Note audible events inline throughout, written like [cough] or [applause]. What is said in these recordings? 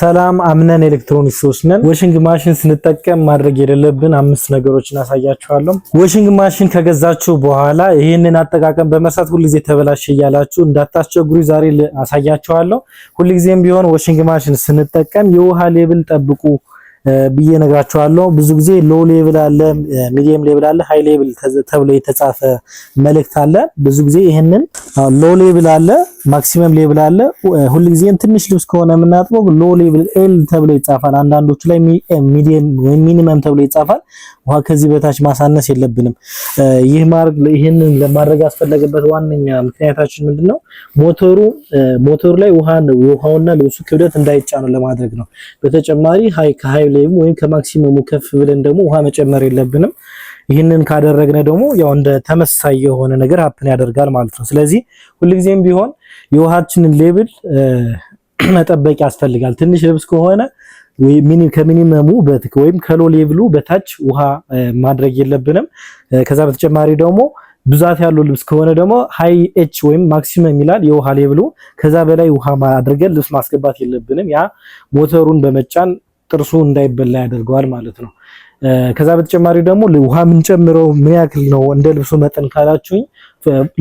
ሰላም አምነን ኤሌክትሮኒክስ ወስነን ወሽንግ ማሽን ስንጠቀም ማድረግ የሌለብን አምስት ነገሮችን አሳያችኋለሁ። ወሽንግ ማሽን ከገዛችሁ በኋላ ይህንን አጠቃቀም በመርሳት ሁልጊዜ ተበላሽ እያላችሁ እንዳታስቸግሩ ዛሬ አሳያችኋለሁ። ሁልጊዜም ቢሆን ወሽንግ ማሽን ስንጠቀም የውሃ ሌብል ጠብቁ ብዬ ነግራችኋለሁ። ብዙ ጊዜ ሎ ሌቭል አለ፣ ሚዲየም ሌቭል አለ፣ ሃይ ሌቭል ተብሎ የተጻፈ መልእክት አለ። ብዙ ጊዜ ይህንን ሎ ሌቭል አለ፣ ማክሲመም ሌቭል አለ። ጊዜ ትንሽ ልብስ ከሆነ የምናጥበው ሎ ሌቭል ኤል ተብሎ ይጻፋል። አንዳንዶቹ ላይ ሚዲየም ወይም ሚኒመም ተብሎ ይጻፋል። ውሃ ከዚህ በታች ማሳነስ የለብንም። ይህ ማድረግ ይህንን ለማድረግ ያስፈለገበት ዋነኛ ምክንያታችን ምንድን ነው? ሞተሩ ሞተሩ ላይ ውሃ ውሃውና ልብሱ ክብደት እንዳይጫኑ ለማድረግ ነው። በተጨማሪ ሃይ ከሚሊየሙ ወይም ከማክሲመሙ ከፍ ብለን ደግሞ ውሃ መጨመር የለብንም። ይህንን ካደረግነ ደግሞ ያው እንደ ተመሳይ የሆነ ነገር ሀፕን ያደርጋል ማለት ነው። ስለዚህ ሁልጊዜም ቢሆን የውሃችንን ሌብል መጠበቅ ያስፈልጋል። ትንሽ ልብስ ከሆነ ከሚኒመሙ ወይም ከሎ ሌብሉ በታች ውሃ ማድረግ የለብንም። ከዛ በተጨማሪ ደግሞ ብዛት ያለው ልብስ ከሆነ ደግሞ ሃይ ኤች ወይም ማክሲመም ይላል የውሃ ሌብሉ። ከዛ በላይ ውሃ አድርገን ልብስ ማስገባት የለብንም። ያ ሞተሩን በመጫን ጥርሱ እንዳይበላ ያደርገዋል ማለት ነው። ከዛ በተጨማሪ ደግሞ ውሃ የምንጨምረው ምን ያክል ነው እንደ ልብሱ መጠን ካላችሁኝ፣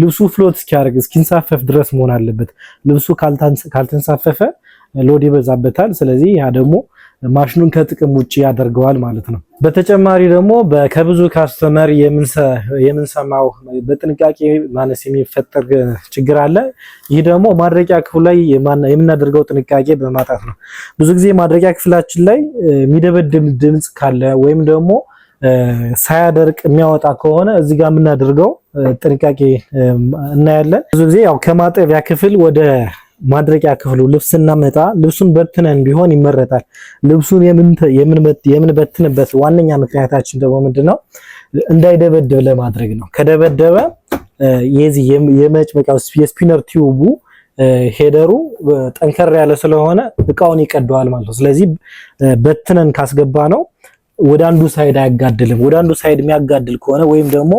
ልብሱ ፍሎት እስኪያደርግ እስኪንሳፈፍ ድረስ መሆን አለበት። ልብሱ ካልተንሳፈፈ ሎድ ይበዛበታል። ስለዚህ ያ ደግሞ ማሽኑን ከጥቅም ውጭ ያደርገዋል ማለት ነው። በተጨማሪ ደግሞ ከብዙ ካስተመር የምንሰማው በጥንቃቄ ማነስ የሚፈጠር ችግር አለ። ይህ ደግሞ ማድረቂያ ክፍሉ ላይ የምናደርገው ጥንቃቄ በማጣት ነው። ብዙ ጊዜ ማድረቂያ ክፍላችን ላይ የሚደበድም ድምፅ ካለ ወይም ደግሞ ሳያደርቅ የሚያወጣ ከሆነ እዚህ ጋር የምናደርገው ጥንቃቄ እናያለን። ብዙ ጊዜ ያው ከማጠቢያ ክፍል ወደ ማድረቂያ ክፍሉ ልብስና መጣ ልብሱን በትነን ቢሆን ይመረጣል። ልብሱን የምንበትንበት ዋነኛ ምክንያታችን ደግሞ ምንድነው? እንዳይደበድብ ለማድረግ ነው። ከደበደበ የዚህ የመጭመቂያው የስፒነር ቲዩቡ ሄደሩ ጠንከር ያለ ስለሆነ እቃውን ይቀደዋል ማለት ነው። ስለዚህ በትነን ካስገባ ነው ወደ አንዱ ሳይድ አያጋድልም። ወደ አንዱ ሳይድ የሚያጋድል ከሆነ ወይም ደግሞ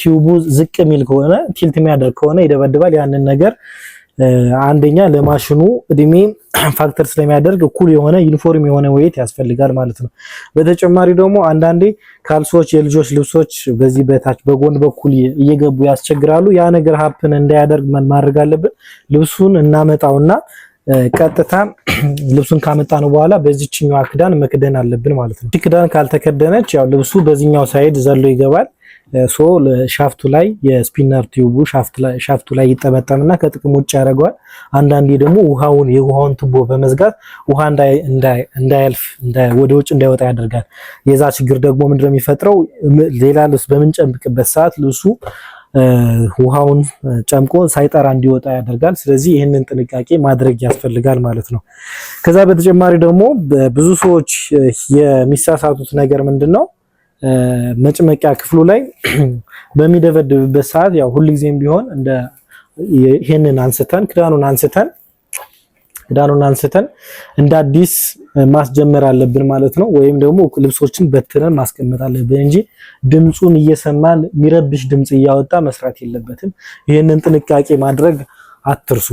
ቲዩቡ ዝቅ የሚል ከሆነ ቲልት የሚያደርግ ከሆነ ይደበድባል ያንን ነገር አንደኛ ለማሽኑ እድሜ [clears throat] ፋክተር ስለሚያደርግ እኩል የሆነ ዩኒፎርም የሆነ ወይት ያስፈልጋል ማለት ነው። በተጨማሪ ደግሞ አንዳንዴ ካልሶች፣ የልጆች ልብሶች በዚህ በታች በጎን በኩል እየገቡ ያስቸግራሉ። ያ ነገር ሀፕን እንዳያደርግ ማድረግ አለብን። ልብሱን እናመጣውና ቀጥታ [clears throat] ልብሱን ካመጣን በኋላ በዚችኛዋ ክዳን መክደን አለብን ማለት ነው። ክዳን ካልተከደነች ያው ልብሱ በዚህኛው ሳይድ ዘሎ ይገባል። ሶ ሻፍቱ ላይ የስፒነር ቲዩቡ ሻፍቱ ላይ ይጠመጠምና ከጥቅም ውጭ ያደርገዋል። አንዳንዴ ደግሞ ውሃውን የውሃውን ቱቦ በመዝጋት ውሃ እንዳያልፍ ወደ ውጭ እንዳይወጣ ያደርጋል። የዛ ችግር ደግሞ ምንድነው የሚፈጥረው? ሌላ ልብስ በምንጨምቅበት ሰዓት ልብሱ ውሃውን ጨምቆ ሳይጠራ እንዲወጣ ያደርጋል። ስለዚህ ይህንን ጥንቃቄ ማድረግ ያስፈልጋል ማለት ነው። ከዛ በተጨማሪ ደግሞ ብዙ ሰዎች የሚሳሳቱት ነገር ምንድን ነው መጭመቂያ ክፍሉ ላይ [clears throat] በሚደበድብበት ሰዓት ያው ሁልጊዜም ቢሆን እንደ ይሄንን አንስተን ክዳኑን አንስተን ክዳኑን አንስተን እንደ አዲስ ማስጀመር አለብን ማለት ነው። ወይም ደግሞ ልብሶችን በትነን ማስቀመጥ አለብን እንጂ ድምፁን እየሰማን የሚረብሽ ድምፅ እያወጣ መስራት የለበትም። ይህንን ጥንቃቄ ማድረግ አትርሱ።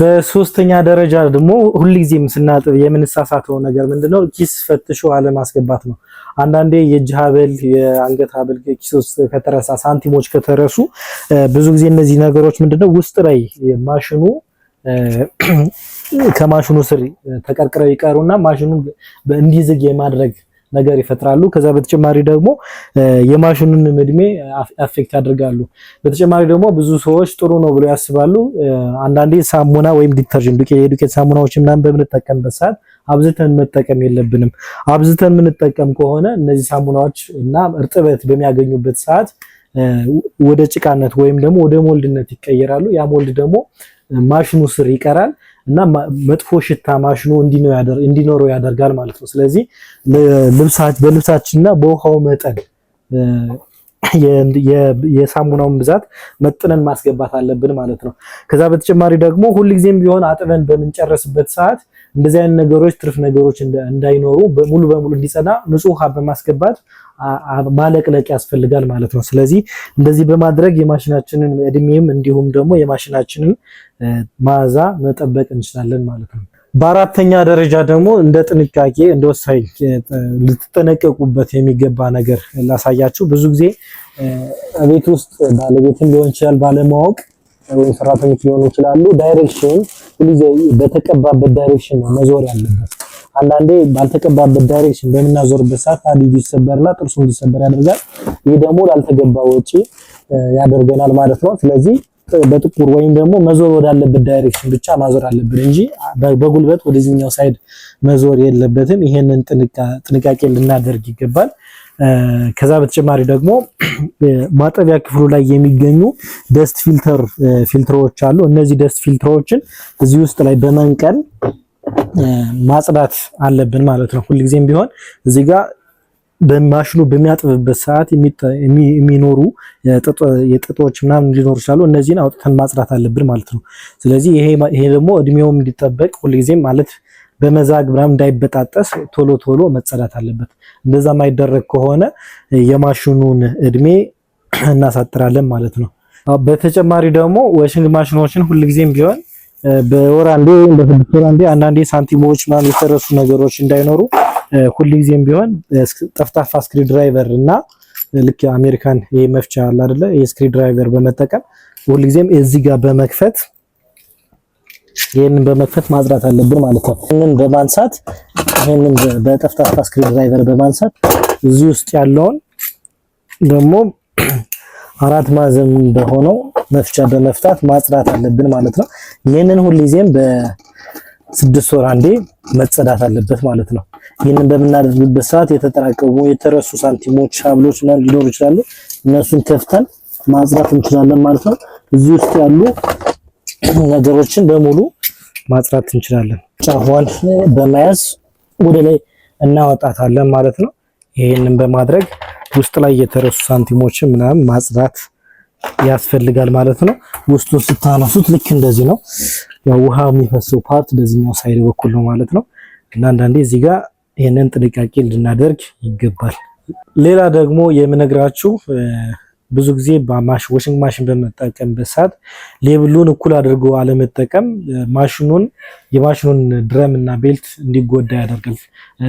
በሶስተኛ ደረጃ ደግሞ ሁልጊዜም ስናጥብ የምንሳሳተው ነገር ምንድነው? ኪስ ፈትሾ አለማስገባት ነው። አንዳንዴ የእጅ ሀብል፣ የአንገት ሀብል ኪስ ከተረሳ ሳንቲሞች ከተረሱ ብዙ ጊዜ እነዚህ ነገሮች ምንድነው ውስጥ ላይ ማሽኑ [clears throat] ከማሽኑ ስር ተቀርቅረው ይቀሩና ማሽኑን እንዲዝግ የማድረግ ነገር ይፈጥራሉ። ከዛ በተጨማሪ ደግሞ የማሽኑን እድሜ አፌክት ያደርጋሉ። በተጨማሪ ደግሞ ብዙ ሰዎች ጥሩ ነው ብሎ ያስባሉ። አንዳንዴ ሳሙና ወይም ዲተርጀንት የዱቄት ሳሙናዎች ምናምን በምንጠቀምበት ሰዓት አብዝተን መጠቀም የለብንም። አብዝተን የምንጠቀም ከሆነ እነዚህ ሳሙናዎች እና እርጥበት በሚያገኙበት ሰዓት ወደ ጭቃነት ወይም ደግሞ ወደ ሞልድነት ይቀየራሉ። ያ ሞልድ ደግሞ ማሽኑ ስር ይቀራል እና መጥፎ ሽታ ማሽኑ እንዲኖረው ያደርጋል ማለት ነው። ስለዚህ በልብሳችንና በውሃው መጠን የሳሙናውን ብዛት መጥነን ማስገባት አለብን ማለት ነው። ከዛ በተጨማሪ ደግሞ ሁልጊዜም ቢሆን አጥበን በምንጨረስበት ሰዓት እንደዚህ አይነት ነገሮች ትርፍ ነገሮች እንዳይኖሩ ሙሉ በሙሉ እንዲጸዳ ንጹህ ውሃ በማስገባት ማለቅለቅ ያስፈልጋል ማለት ነው። ስለዚህ እንደዚህ በማድረግ የማሽናችንን እድሜም እንዲሁም ደግሞ የማሽናችንን መዓዛ መጠበቅ እንችላለን ማለት ነው። በአራተኛ ደረጃ ደግሞ እንደ ጥንቃቄ እንደ ወሳኝ ልትጠነቀቁበት የሚገባ ነገር ላሳያችሁ። ብዙ ጊዜ ቤት ውስጥ ባለቤትም ሊሆን ይችላል ባለማወቅ ወይም ሰራተኞች ሊሆኑ ይችላሉ። ዳይሬክሽን ሁልጊዜ በተቀባበት ዳይሬክሽን ነው መዞር ያለበት። አንዳንዴ ባልተቀባበት ዳይሬክሽን በምናዞርበት ሰዓት ሀዲዱ ይሰበርና ጥርሱ እንዲሰበር ያደርጋል። ይህ ደግሞ ላልተገባ ወጪ ያደርገናል ማለት ነው። ስለዚህ በጥቁር ወይም ደግሞ መዞር ወዳለበት ዳይሬክሽን ብቻ ማዞር አለብን እንጂ በጉልበት ወደዚህኛው ሳይድ መዞር የለበትም። ይሄንን ጥንቃቄ ልናደርግ ይገባል። ከዛ በተጨማሪ ደግሞ [clears throat] ማጠቢያ ክፍሉ ላይ የሚገኙ ደስት ፊልተር ፊልትሮች አሉ። እነዚህ ደስት ፊልትሮችን እዚህ ውስጥ ላይ በመንቀል ማጽዳት አለብን ማለት ነው። ሁልጊዜም ቢሆን እዚህ ጋር በማሽኑ በሚያጥብበት ሰዓት የሚኖሩ የጥጦች ምናምን እንዲኖሩ ይችላሉ። እነዚህን አውጥተን ማጽዳት አለብን ማለት ነው። ስለዚህ ይሄ ደግሞ እድሜውም እንዲጠበቅ ሁልጊዜም ማለት በመዛግ ምናምን እንዳይበጣጠስ ቶሎ ቶሎ መጸዳት አለበት። እንደዛ የማይደረግ ከሆነ የማሽኑን እድሜ [clears throat] እናሳጥራለን ማለት ነው። በተጨማሪ ደግሞ ወሽንግ ማሽኖችን ሁልጊዜም ቢሆን በወር አንዴ በስድስት ወር አንዴ አንዳንዴ ሳንቲሞች ምናምን የተረሱ ነገሮች እንዳይኖሩ ሁልጊዜም ቢሆን ጠፍጣፋ ስክሪው ድራይቨር እና ልክ አሜሪካን ይሄ መፍቻ አለ አይደለ? ይሄ ስክሪው ድራይቨር በመጠቀም ሁልጊዜም እዚህ ጋር በመክፈት ይህንን በመክፈት ማጽዳት አለብን ማለት ነው። ይህንን በማንሳት ይህንን በጠፍጣፋ ስክሪው ድራይቨር በማንሳት እዚህ ውስጥ ያለውን ደግሞ አራት ማዕዘን በሆነው መፍቻ በመፍታት ማጽዳት አለብን ማለት ነው። ይህንን ሁልጊዜም በስድስት ወር አንዴ መጸዳት አለበት ማለት ነው። ይህንን በምናደርግበት ሰዓት የተጠራቀሙ የተረሱ ሳንቲሞች፣ ሀብሎች ና ሊኖሩ ይችላሉ። እነሱን ከፍተን ማጽዳት እንችላለን ማለት ነው። እዚህ ውስጥ ያሉ ነገሮችን በሙሉ ማጽዳት እንችላለን። ጫፏን በመያዝ ወደ ላይ እናወጣታለን ማለት ነው። ይህንን በማድረግ ውስጥ ላይ የተረሱ ሳንቲሞችን ምናምን ማጽዳት ያስፈልጋል ማለት ነው። ውስጡን ስታነሱት ልክ እንደዚህ ነው። ያው ውሃ የሚፈሰው ፓርት በዚህኛው ሳይድ በኩል ነው ማለት ነው። እና አንዳንዴ እዚህ ጋር ይህንን ጥንቃቄ ልናደርግ ይገባል። ሌላ ደግሞ የምነግራችሁ ብዙ ጊዜ ዋሽንግ ማሽን በመጠቀምበት ሰዓት ሌብሉን እኩል አድርጎ አለመጠቀም ማሽኑን የማሽኑን ድረም እና ቤልት እንዲጎዳ ያደርጋል።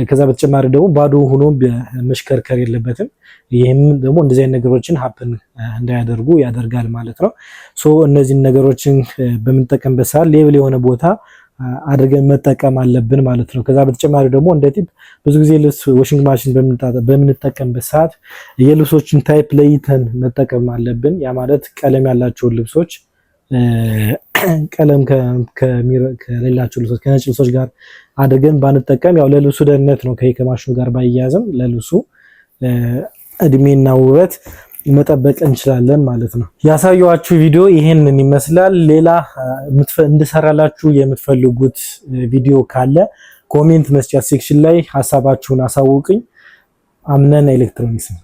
ከዛ በተጨማሪ ደግሞ ባዶ ሆኖ መሽከርከር የለበትም። ይህም ደግሞ እንደዚህ አይነት ነገሮችን ሀፕን እንዳያደርጉ ያደርጋል ማለት ነው። ሶ እነዚህን ነገሮችን በምንጠቀምበት ሰዓት ሌብል የሆነ ቦታ አድርገን መጠቀም አለብን ማለት ነው። ከዛ በተጨማሪ ደግሞ እንደ ቲፕ ብዙ ጊዜ ልብስ ዋሽንግ ማሽን በምንጠቀምበት ሰዓት የልብሶችን ታይፕ ለይተን መጠቀም አለብን። ያ ማለት ቀለም ያላቸውን ልብሶች ቀለም ከሌላቸው ልብሶች ከነጭ ልብሶች ጋር አድርገን ባንጠቀም ያው ለልብሱ ደህንነት ነው ከማሽኑ ጋር ባያያዝም ለልብሱ እድሜና ውበት መጠበቅ እንችላለን ማለት ነው። ያሳየኋችሁ ቪዲዮ ይሄንን ይመስላል። ሌላ እንድሰራላችሁ የምትፈልጉት ቪዲዮ ካለ ኮሜንት መስጫ ሴክሽን ላይ ሀሳባችሁን አሳውቅኝ። አምነን ኤሌክትሮኒክስ ነው።